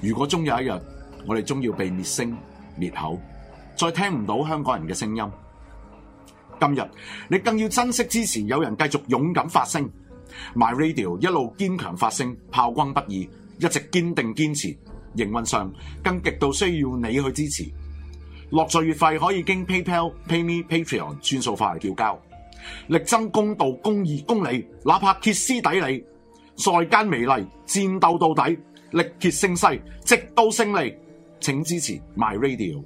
如果終有一日，我哋終要被滅聲滅口，再聽唔到香港人嘅聲音，今日你更要珍惜支持，有人繼續勇敢發聲，My Radio 一路堅強發聲，炮轟不已，一直堅定堅持，營運上更極度需要你去支持。落稅月費可以經 PayPal、PayMe、Patreon 轉數化嚟繳交，力爭公道、公義、公理，哪怕歇斯底里，在間美麗戰鬥到底，力竭勝勢，直到勝利。請支持 My Radio。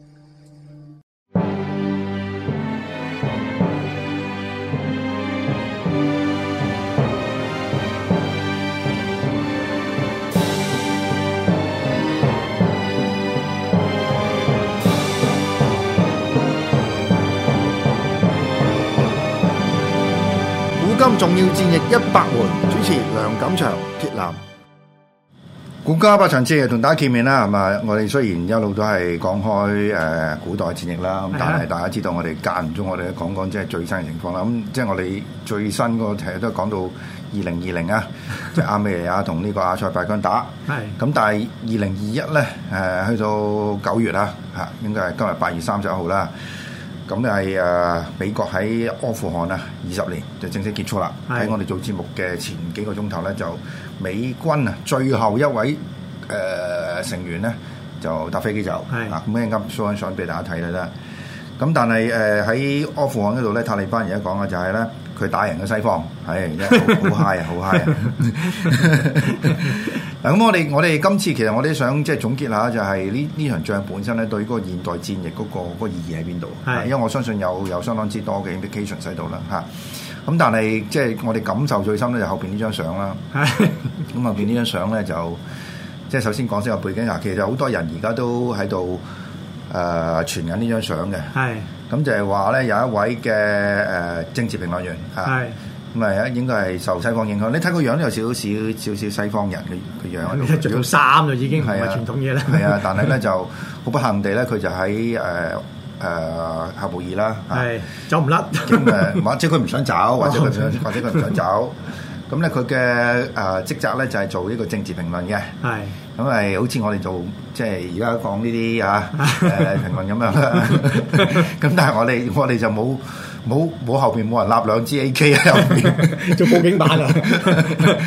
古今重要戰役一百回，主持梁錦祥、鐵男。古今百場戰役同大家見面啦，係嘛？我哋雖然一路都係講開誒古代戰役啦，但係大家知道我哋間唔中，我哋都講講即係最新嘅情況啦。咁即係我哋最新嗰題都講到二零二零啊，即係亞美尼亞同呢個阿塞拜疆打。係咁，但係二零二一咧，誒，去到九月啊，吓，應該係今日八月三十一號啦。咁就係誒美國喺阿富汗啊，二十年就正式結束啦。喺是的 我哋做節目嘅前幾個鐘頭咧，就美軍啊最後一位誒、呃、成員咧就搭飛機走，是的 啊，咁樣啱 show 俾大家睇睇啦。咁但係誒喺阿富汗嗰度咧，塔利班而家講嘅就係咧，佢打贏咗西方，係好 high 啊，好 high 啊！嗱， 咁我哋我哋今次其實我哋想即係總結下就，就係呢呢場仗本身咧對嗰個現代戰役嗰、嗰個嗰個意義喺邊度？係是因為我相信有有相當之多嘅 implication 喺度啦，嚇。咁但係即係我哋感受最深咧是 就後邊呢張相啦。咁後邊呢張相咧就即係首先講先個背景啊。其實好多人而家都喺度，誒、呃、傳緊是呢張相嘅，咁就係話咧，有一位嘅誒、呃、政治評論員嚇，咁啊是應該係受西方影響。你睇個樣都有少少少少西方人嘅嘅樣，你睇著到衫就已經唔係傳統嘢啦。係啊，啊，但係咧 就好不幸地咧，佢就喺誒誒夏布爾啦，是是走唔甩。咁或者佢唔想走，或者佢想，或者佢唔想走。咁咧，佢嘅誒職責咧就係、是、做一個政治評論嘅。係是。咁咪、嗯、好似我哋做即係而家講呢啲啊，呃、 評論咁樣啦。咁 但係我哋我哋就冇冇冇後邊冇人立兩支 AK 喺後邊啊，做報警版啊。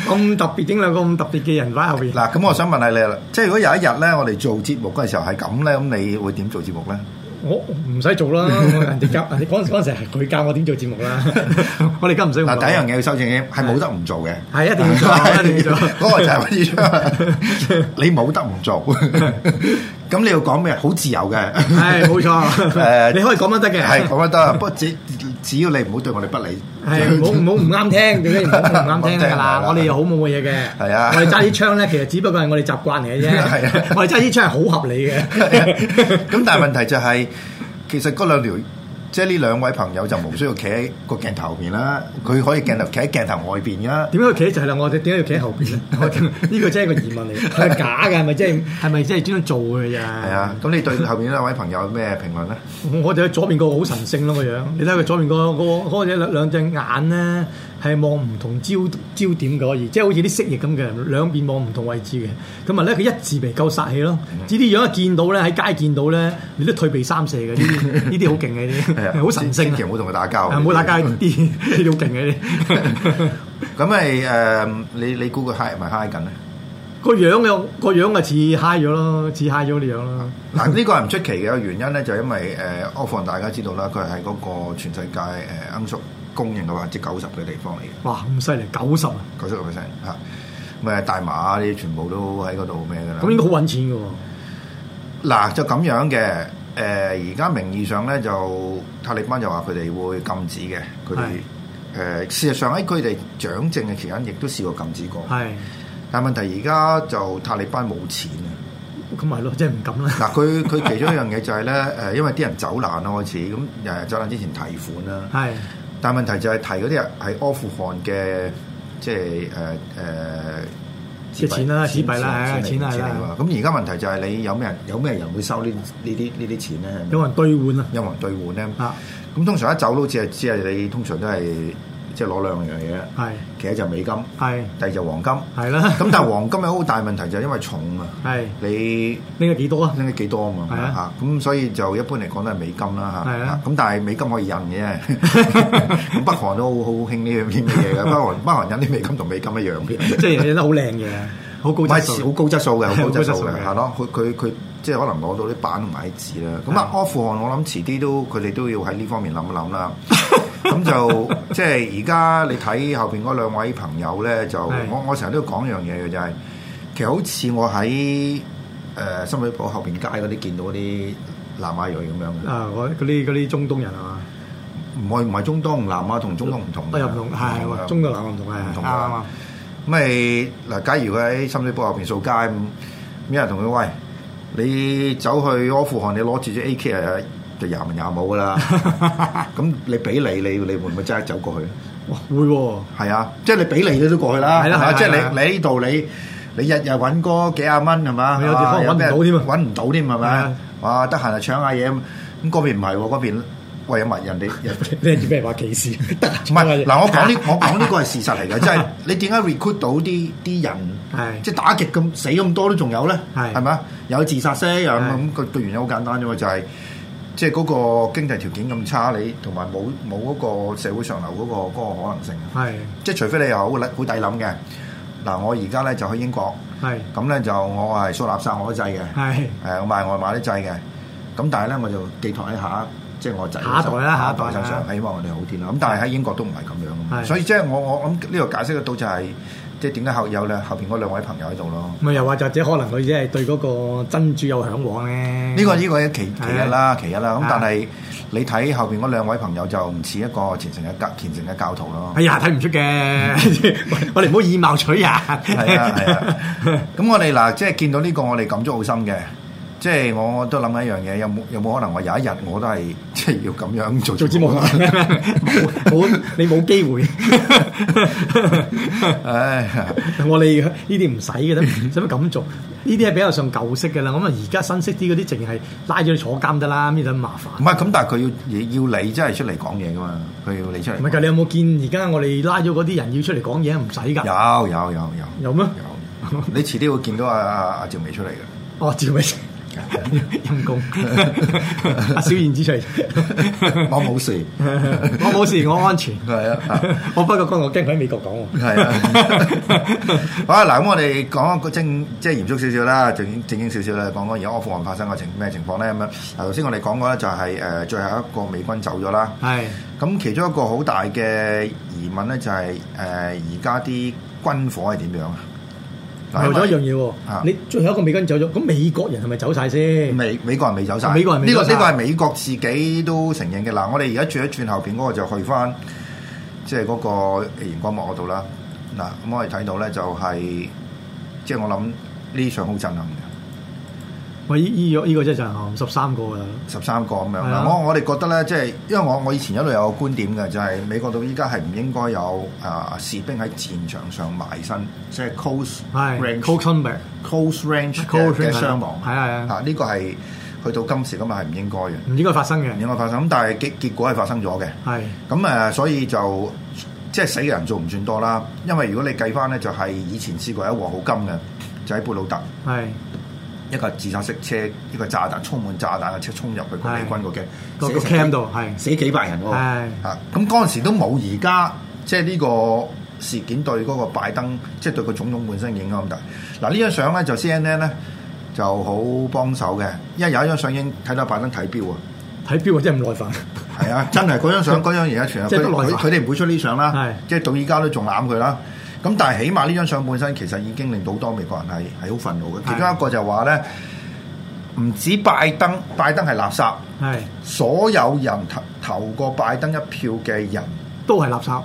咁 特別，整兩個咁特別嘅人喺後邊。嗱，咁我想問下你啦，即係如果有一日咧，我哋做節目嗰陣時候係咁咧，咁你會點做節目咧？我唔使做啦，人哋教人哋嗰嗰陣時係佢教我點做節目啦。 我哋今唔使。嗱，第一樣嘢要收正先，係冇得唔做嘅。係一定要做，一定要做，嗰個就係乜嘢出嚟，你冇得唔做。 咁你要講咩？好自由嘅，係冇錯。誒，你可以講乜都得嘅，係講乜都得。不過只只要你唔好對我哋不利，係唔好唔好唔啱聽，點解唔好唔啱聽㗎啦？我哋又好冇乜嘢嘅，係啊。我哋揸啲槍咧，其實只不過係我哋習慣嚟嘅啫。係啊，我哋揸啲槍係好合理嘅。咁但係問題就係，其實嗰兩條。即係呢兩位朋友就無需要企喺個鏡頭後面啦，佢可以鏡頭企喺鏡頭外邊噶。點解要企喺就係啦？我哋點解要企喺後面？呢個真係個疑問嚟， 佢係假嘅係咪？即係係咪真係專登做嘅啫？係 啊，咁你對後邊兩位朋友有咩評論咧 嗯？我哋左邊個好神聖咯，個樣。你睇佢左邊、嗰個、嗰個嗰隻、嗰個、兩隻眼咧。係望唔同焦焦點嘅，而即係好似啲蜥蜴咁嘅，兩邊望唔同位置嘅。咁啊咧，佢一字未夠殺氣咯。至啲樣一見到咧，喺街見到咧，你都退避三舍嘅。呢啲呢啲好勁嘅，啲好 的 神聖。唔好同佢打交、啊。唔好些、啊、打交，啲啲好勁嘅。咁咪誒，你你估佢 high 唔係 high 緊個樣嘅個樣啊，似嗨咗咯，似嗨咗啲樣咯。嗱，呢個係唔出奇嘅，原因咧就因為誒，阿富汗大家知道啦，佢係嗰個全世界誒奀叔。公認嘅話，即九十嘅地方嚟嘅。哇，咁犀利，九十啊！九十個 percent 嚇，咪大麻呢啲全部都喺嗰度咩嘅啦。咁應該好揾錢嘅喎。嗱、呃，就咁樣嘅。誒，而家名義上咧就塔利班就話佢哋會禁止嘅。佢誒是、呃、事實上喺佢哋掌政嘅期間，亦都試過禁止過。係是。但問題而家就塔利班冇錢啊。咁咪咯，即係唔敢啦。嗱，佢佢其中一樣嘢就係咧，誒， 因為啲人，人走難開始咁，誒，走難之前提款啦。係。但問題就係提嗰啲係阿富汗嘅，即係誒誒，即、呃、錢啦紙幣啦，係啊錢啦，咁而家問題就係你有咩人有咩人會收呢呢啲呢啲錢咧？有人兌換啊？有人兌換咧？啊！咁通常一走都只係只係你通常都係。即係攞兩樣嘢，其實就美金，第二就黃金，係啦。咁但係黃金有好大問題，就係因為重啊。你拎咗幾多啊？拎咗幾多啊？嘛嚇咁，所以就一般嚟講都係美金啦嚇。咁但係美金可以印嘅，北韓都好興呢樣啲乜嘢嘅。北韓北韓印啲美金同美金一樣嘅，即係印得好靚嘅，好高質好高質素嘅，好高質素嘅。係咯，佢佢佢。即係可能攞到啲板同埋啲紙啦。咁啊，阿富汗我諗遲啲都佢哋都要喺呢方面諗一諗啦。咁就即係而家你睇後邊嗰兩位朋友咧，就我我成日都要講一樣嘢嘅，就係其實好似我喺誒深水埗後邊街嗰啲見到啲南亞裔咁樣嘅啊，嗰啲啲中東人係嘛？唔係唔係中東，南亞同中東唔同。我又中東南亞唔同係唔同啊嘛。咁係嗱，假如佢喺深水埗後邊掃街，咁邊人同佢喂？你走去阿富汗，你攞住支 A K 啊，就廿文廿冇噶啦。咁你俾你，你你會唔會即刻走過去？哇，會喎、啊，係啊，即係你俾你，你都過去啦。係啦，即係你你呢度你你日日揾嗰幾廿蚊係嘛？有時可能揾唔到添啊，揾唔到添係咪啊？得閒、啊、就搶下嘢，咁嗰邊唔係喎，嗰邊，、啊、邊。喂，有冇人哋人？你哋俾人話歧視？唔係嗱，我講呢，我講呢個係事實嚟嘅，即係你點解 recruit 到啲啲人？係即係打擊咁死咁多都仲有咧，係係咪啊？有自殺式啊咁，個個原因好簡單啫嘛，就係即係嗰個經濟條件咁差，你同埋冇冇嗰個社會上流嗰個嗰個可能性。係即係除非你又好好抵諗嘅嗱，我而家咧就去英國，係咁咧就我係掃垃圾我都制嘅，係誒我賣外賣都制嘅，咁但係咧我就寄託一下。即係我仔，下一代啦，下一代啦，希望我哋好啲啦。咁但係喺英國都唔係咁樣，所以即係我我諗呢度解釋得到就係即係點解後有咧後邊嗰兩位朋友喺度咯。咪又話或者可能佢只係對嗰個珍珠有嚮往咧。呢個呢個係其其一啦，其一啦。咁但係你睇後邊嗰兩位朋友就唔似一個虔誠嘅教虔誠嘅教徒咯。哎呀，睇唔出嘅。我哋唔好以貌取人。係啊係啊。咁我哋嗱，即係見到呢個我哋感觸好深嘅。即係我我都諗緊一樣嘢，有冇有冇可能話有一日我都係即係要咁樣做做節目？冇 你冇機會。唉，我哋呢啲唔使嘅使乜咁做？呢啲係比較上舊式嘅啦。咁啊，而家新式啲嗰啲，淨係拉咗你坐監得啦，邊使咁麻煩？唔係咁，但係佢要要你真係出嚟講嘢噶嘛？佢要你出嚟。唔係、啊，你有冇見而家我哋拉咗嗰啲人要出嚟講嘢唔使㗎？有有有有有咩？有，有，有，嗎有，你遲啲會見到阿阿阿趙薇出嚟嘅。 哦，趙薇。陰 公，阿 小燕子出嚟，我冇事，我冇事，我安全。係 啊， 我不過剛才驚喺美國講係啊， 好啊，嗱，咁我哋講個正，即係嚴肅少少啦，正正經少少啦，講講而家阿富汗發生個情咩情況咧？咁樣，頭先我哋講過咧，就係誒最後一個美軍走咗啦。係的，咁其中一個好大嘅疑問咧，就係誒而家啲軍火係點樣啊？做咗一樣嘢喎，嗯、你最後一個美軍走咗，咁美國人係咪走晒先？美美國人未走晒？美國人呢個呢個係美國自己都承認嘅嗱。嗯、我哋而家住喺轉後邊嗰個就去翻，即係嗰個陽光幕嗰度啦。嗱、啊，咁我哋睇到咧就係、是，即、就、係、是、我諗呢場好震撼。依醫藥依個即係十三個啦，十三個咁樣啦、啊。我我哋覺得咧，即係因為我我以前一路有個觀點嘅，就係美國到依家係唔應該有啊、呃、士兵喺戰場上埋身，即、就、係、是、close range combat 是 close range 嘅 cl cl ose 傷亡。係係啊，呢、啊啊這個係去到今時今日係唔應該嘅，唔應該發生嘅，唔應該發生。咁但係結結果係發生咗嘅。係咁啊，所以就即係死嘅人做唔算多啦。因為如果你計翻咧，就係、是、以前試過一鑊好金嘅，就喺貝魯特。係是。一個自殺式車，一個炸彈充滿炸彈嘅車衝入去的個美軍個 c 個個 cam 度，係的死幾百人喎。係咁嗰陣時都冇而家，即係呢個事件對嗰個拜登，即係對個總統本身影響咁大。嗱、啊、呢張相咧就 CNN 咧就好幫手嘅，因為有一張相已經睇到拜登睇表啊，睇表啊真係唔耐煩。係 啊，真係嗰張相嗰張嘢一傳，即佢哋唔會出呢相啦，係的即係到而家都仲攬佢啦。咁但係起碼呢張相本身其實已經令到好多美國人係係好憤怒嘅。其中一個就係話咧，唔止拜登，拜登係垃圾，係是所有人投投過拜登一票嘅人都係垃圾，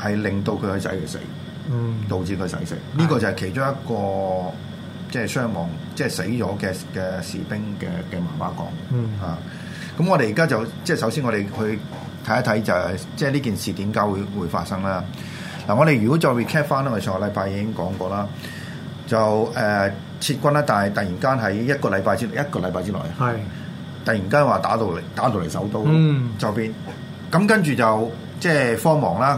係令到佢個仔去死，嗯，導致佢死死。呢、嗯、個就係其中一個即係是傷亡，即、就、係、是、死咗嘅嘅士兵嘅嘅媽媽講，嗯、啊。咁我哋而家就即係、就是、首先我哋去睇一睇就係即係呢件事點解會會發生啦。嗱，我哋如果再 recap 翻啦，我哋上個禮拜已經講過啦，就誒撤、呃、軍啦，但係突然間喺一個禮拜之一個禮拜之內，係是突然間話打到嚟，打到嚟首都，嗯，邊就變咁，跟住就即係慌忙啦，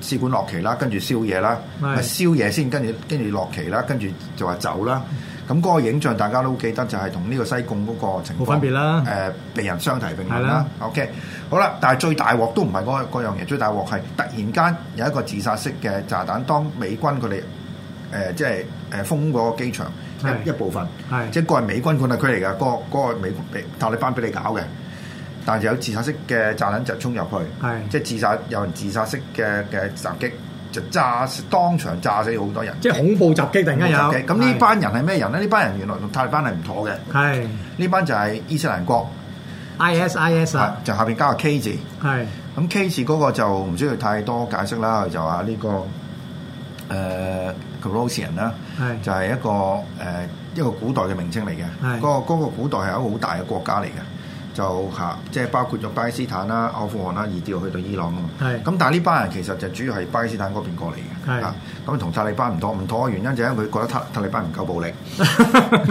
咁試管落旗啦，跟住燒嘢啦，燒嘢是先，跟住跟住落旗啦，跟住就話走啦。咁嗰個影像大家都記得，就係同呢個西貢嗰個情況冇分別啦。誒、呃，被人相提並論啦。的 OK，好啦，但係最大鑊都唔係嗰樣嘢，最大鑊係突然間有一個自殺式嘅炸彈，當美軍佢哋誒即係誒封嗰個機場一的一部分，的即係個係美軍管理區嚟㗎，嗰、那、嗰個美塔利班俾你搞嘅，但係有自殺式嘅炸彈就衝入去，的即係自殺有人自殺式嘅嘅襲擊。就炸當場炸死好多人，即係恐怖襲擊定一樣有。咁呢班人係咩人咧？呢是班人原來同泰利班係唔妥嘅。係是，呢班就係伊斯蘭國。ISIS 以 Is. 就下邊加個 K 字。係是，咁 K 字嗰個就唔需要太多解釋啦。佢就話呢、呢個誒 Khorasan 啦，呃、yan, 是就係一個誒、呃、一個古代嘅名稱嚟嘅。嗰個嗰個古代係一個好大嘅國家嚟嘅。就嚇，即係包括咗巴基斯坦啦、阿富汗啦，一直去到伊朗啊嘛。咁是但係呢班人其實就主要係巴基斯坦嗰邊過嚟嘅。係是。嚇、啊，咁同塔利班唔妥唔妥嘅原因就係因為佢覺得塔塔利班唔夠暴力，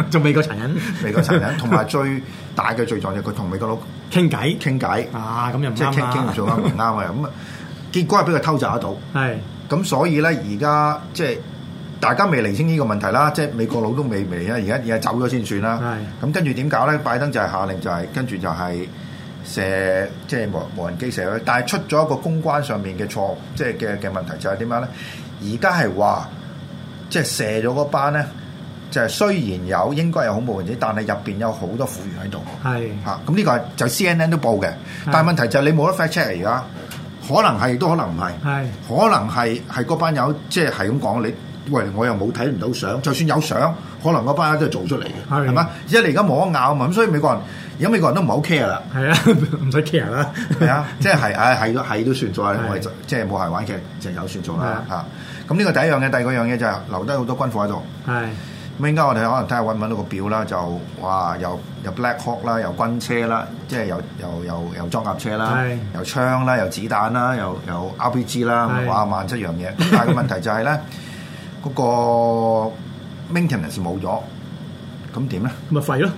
仲 未夠殘忍，未夠殘忍。同埋最大嘅罪狀就佢同美國佬傾偈傾偈啊，咁又唔即係傾傾做。上，唔啱啊咁啊，啊 結果俾佢偷襲得到。係是。咁所以咧，而家即係。大家未厘清呢個問題啦，即係美國佬都未嚟咧，而家而家走咗先算啦。咁跟住點搞咧？拜登就係下令、就是，就係跟住就係射，即係無無人機射佢。但係出咗一個公關上面嘅錯誤，即係嘅嘅問題就係點樣咧？而家係話即係射咗嗰班咧，就係、是、雖然有應該係恐怖分子，但係入邊有好多婦孺喺度。係嚇是，咁呢、啊、個就 C N N 都報嘅，是但係問題就係你冇得 fact check 而家，可能係都可能唔係，是可能係係嗰班友即係係咁講你。喂，我又冇睇唔到相，就算有相，可能嗰班都係做出嚟嘅，係嘛的？因為你而家冇得拗啊嘛，咁所以美國人而家美國人都唔係好 care 啦，係啊，唔使 care 啦，係啊的， 即係係、哎，係都係都算咗啦，我的即係冇係玩劇就有算咗啦嚇。咁呢的、啊、個第一樣嘢，第二個樣嘢就係、是、留低好多軍火喺度。係的，咁應該我哋可能睇下揾唔到個表啦，就哇，有有 Black Hawk 啦，有軍車啦，即係有又又又裝甲車啦，有，有，有，的有槍啦，有子彈啦，又有，有 RPG 啦的，哇，萬七樣嘢。 但係個問題就係、是、咧。嗰個 maintenance 冇咗，咁點咧？咪廢咯！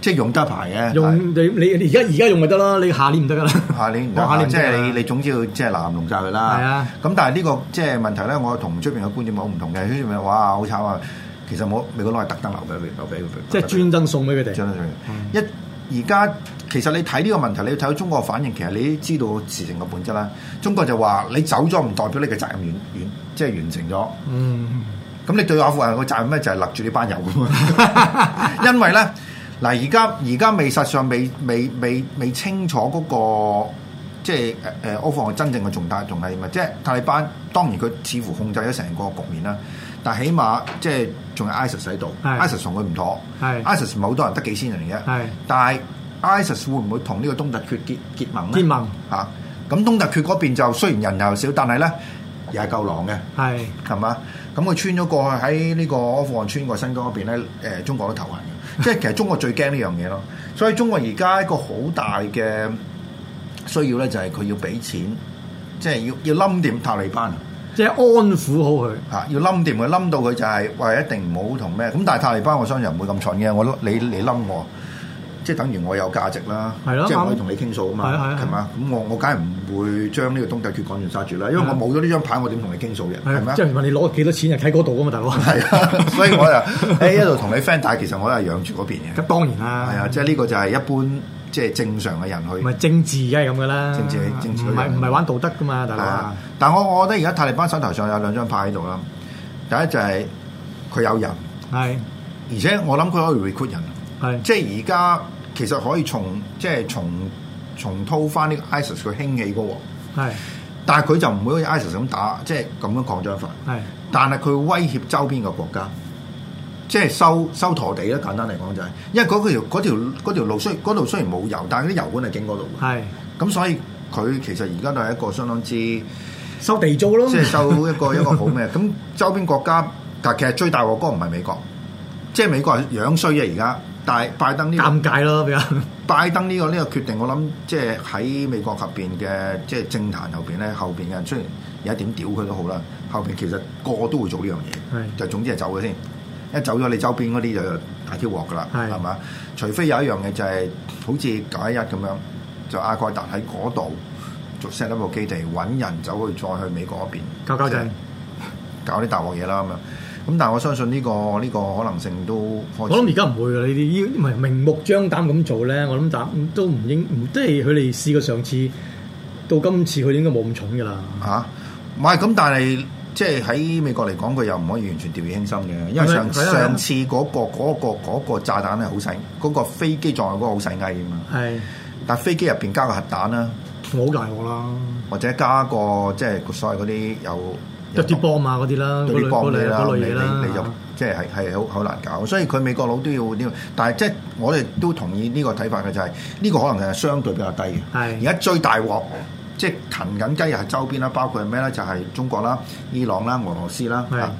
即係用得耐嘅。用是你你而家而家用咪得啦，你下年唔得噶啦。下年，唔得，下年即係你，你總之要即係嗱臨用晒佢啦。係啊。咁但係、這、呢個即係問題咧，我同出邊嘅觀點好唔同嘅。出邊話好慘啊！其實我美國佬係特登留俾佢，留俾佢。即係專登送俾佢哋。一。嗯。而家其實你睇呢個問題，你要睇到中國反應，其實你知道事情嘅本質啦。中國就話你走咗唔代表你嘅責任完完，即係完成咗。嗯。咁、嗯、你對阿富汗嘅責任咧就係勒住呢班友咁啊。 因為咧嗱，而家而家未實上未未未未清楚嗰、那個即係誒誒阿富汗真正嘅重大仲係乜？即係泰利班當然佢似乎控制咗成個局面啦，但係起碼即係。仲有 ISIS 喺度，ISIS 同佢唔妥，ISIS 唔係好多人，得幾千人嚟嘅，是但係 ISIS 會唔會同呢個東突厥結結盟咧？結盟嚇，咁盟、啊、東突厥嗰邊就雖然人又少，但係咧又係夠狼嘅，係係嘛？咁佢穿咗過去喺呢個阿富汗、穿過新疆嗰邊咧，誒中國都頭痕嘅，即係其實中國最驚呢樣嘢咯。 所以中國而家一個好大嘅需要咧，就係、是、佢要俾錢，即、就、係、是、要要冧點塔利班。即係安撫好佢，嚇、啊、要冧掂佢，冧到佢就係、是、話一定唔好同咩咁。但係塔利班我相信唔會咁蠢嘅，我你你冧我，即係等於我有價值啦，的即係我可以同你傾數啊嘛，係嘛？咁我我梗係唔會將呢個東帝缺趕完曬住啦，因為我冇咗呢張牌，我點同你傾數嘅？係咪即係問你攞幾多錢就喺嗰度啊嘛，大佬。係啊，所以我就誒、 欸、一度同你 friend，但係其實我都係養住嗰邊嘅。咁當然啦，係啊的、嗯，即係呢個就係一般。即係正常嘅人去，唔係政治梗係咁噶啦，政治，政治去，唔係唔係玩道德噶嘛，大佬。但係我我覺得而家塔利班手頭上有兩張牌喺度啦。第一就係佢有人，係，是的 而且我諗佢可以 recruit 人，係。是的 即係而家其實可以從即係從重鋪翻呢個 ISIS 佢 IS 興起個喎，是的 但係佢就唔會好似 ISIS 咁打，即係咁樣擴張法，係。是的 但係佢威脅周邊個國家。即係收收陀地咧，簡單嚟講就係、是，因為嗰個條,條,條路雖嗰度雖然冇油，但係啲油管係經嗰度嘅。咁是所以佢其實而家都係一個相當之收地租咯。即係收一個一個好咩？咁 周邊國家，但其實最大鑊個唔係美國，即、就、係、是、美國係樣衰啊！而家，但係拜登呢、這個？尷尬咯，比拜登呢、這個呢、這個決定，我諗即係喺美國入邊嘅即係政壇後邊咧，後邊嘅人雖然有一點屌佢都好啦，後邊其實個,個都會做呢樣嘢，是就總之係走咗先。一走咗你周邊嗰啲就大跳鑊噶啦，係嘛是？除非有一樣嘢就係、是、好似九一一咁樣，就阿蓋達喺嗰度就 set 一部基地，揾人走去再去美國嗰邊搞搞政、就是，搞啲大鑊嘢啦咁樣。咁但係我相信呢、這個呢、這個可能性都我諗而家唔會㗎，你哋依唔係明目張膽咁做咧。我諗打都唔應，即係佢哋試過上次到今次，佢應該冇咁重㗎啦。嚇！唔係咁，但係。即係喺美國嚟講，佢又唔可以完全掉以輕心嘅，因為上上次嗰個嗰個嗰個炸彈咧好細，嗰個飛機撞落嗰個好細藝嘅。係，但飛機入邊加個核彈啦，我好大鑊啦，或者加個即係所謂嗰啲有毒氣 bomb 啊嗰啲啦，毒氣 bomb 嗰啲啦，兩類啦，你就即係係係好好難搞，所以佢美國佬都要點？但係即係我哋都同意呢個睇法嘅就係呢個可能係相對比較低嘅。係而家最大鑊。即係騰緊雞又係周邊啦，包括係咩咧？就係、是、中國啦、伊朗啦、俄羅斯啦嚇。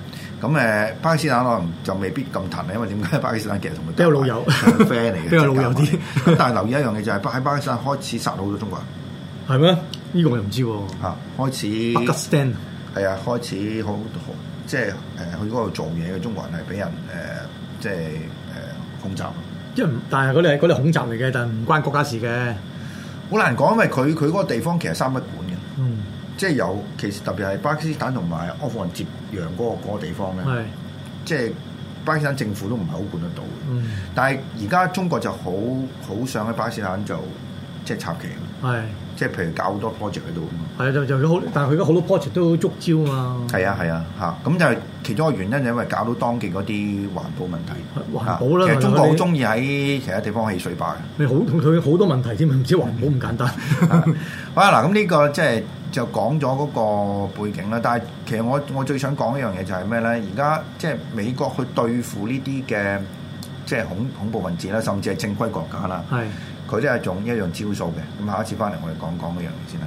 咁誒是、啊、巴基斯坦可能就未必咁騰，因為點解？巴基斯坦其實同佢比較老友，friend 嚟嘅， 比較老友啲。咁但係留意一樣嘢就係，喺巴基斯坦開始殺到好多中國人。係咩？呢、這個我唔知喎、啊。嚇、啊，開始。Pakistan 係啊，開始好即係誒、呃、去嗰度做嘢嘅中國人係俾人誒、呃、即係誒、呃、恐襲。即係但係嗰啲係啲恐襲嚟嘅，但就唔關國家事嘅。好難講，因為佢佢嗰個地方其實三不管嘅，嗯、即係有，其實特別係巴基斯坦同埋阿富汗接壤嗰個嗰個地方咧，是 即係巴基斯坦政府都唔係好管得到。嗯、但係而家中國就好好想喺巴基斯坦做。即係插旗，係即係譬如搞好多 project 喺度啊，係啊，就就好，但係佢而家好多 project 都好觸礁啊嘛，係啊，係啊，嚇咁就係其中一個原因，就係因為搞到當地嗰啲環保問題啊，環保啦，其實中國好中意喺其他地方起水壩你好，佢好多問題添唔知環保咁簡單。好啊，嗱，咁呢個即係就講咗嗰個背景啦。但係其實我我最想講一樣嘢就係咩咧？而家即係美國去對付呢啲嘅即係恐恐怖分子啦，甚至係正規國家啦。係。佢都係用一樣招數嘅，咁下一次翻嚟我哋講講嗰樣先啦。